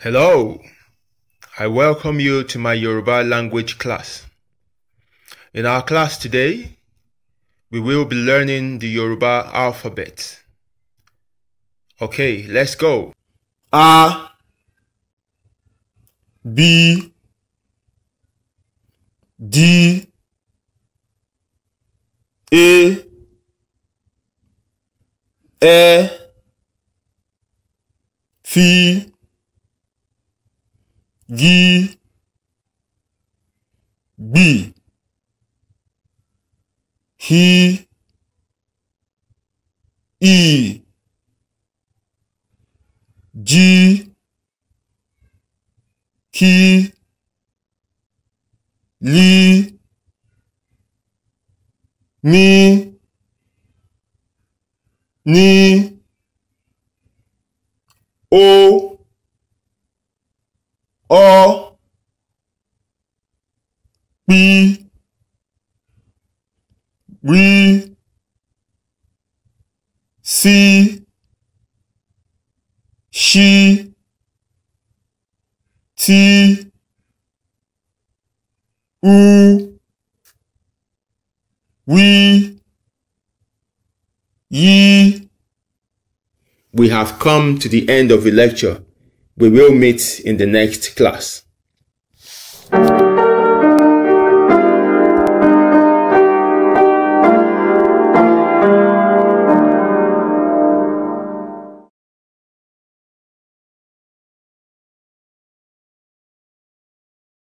Hello, I welcome you to my Yoruba language class. In our class today, we will be learning the Yoruba alphabet. Okay, let's go. A B D A E F gí e. gbì hí ì jí kí lí mí ní O ọ pí rí sí ṣí tí u wí yí. We have come to the end of the lecture. We will meet in the next class.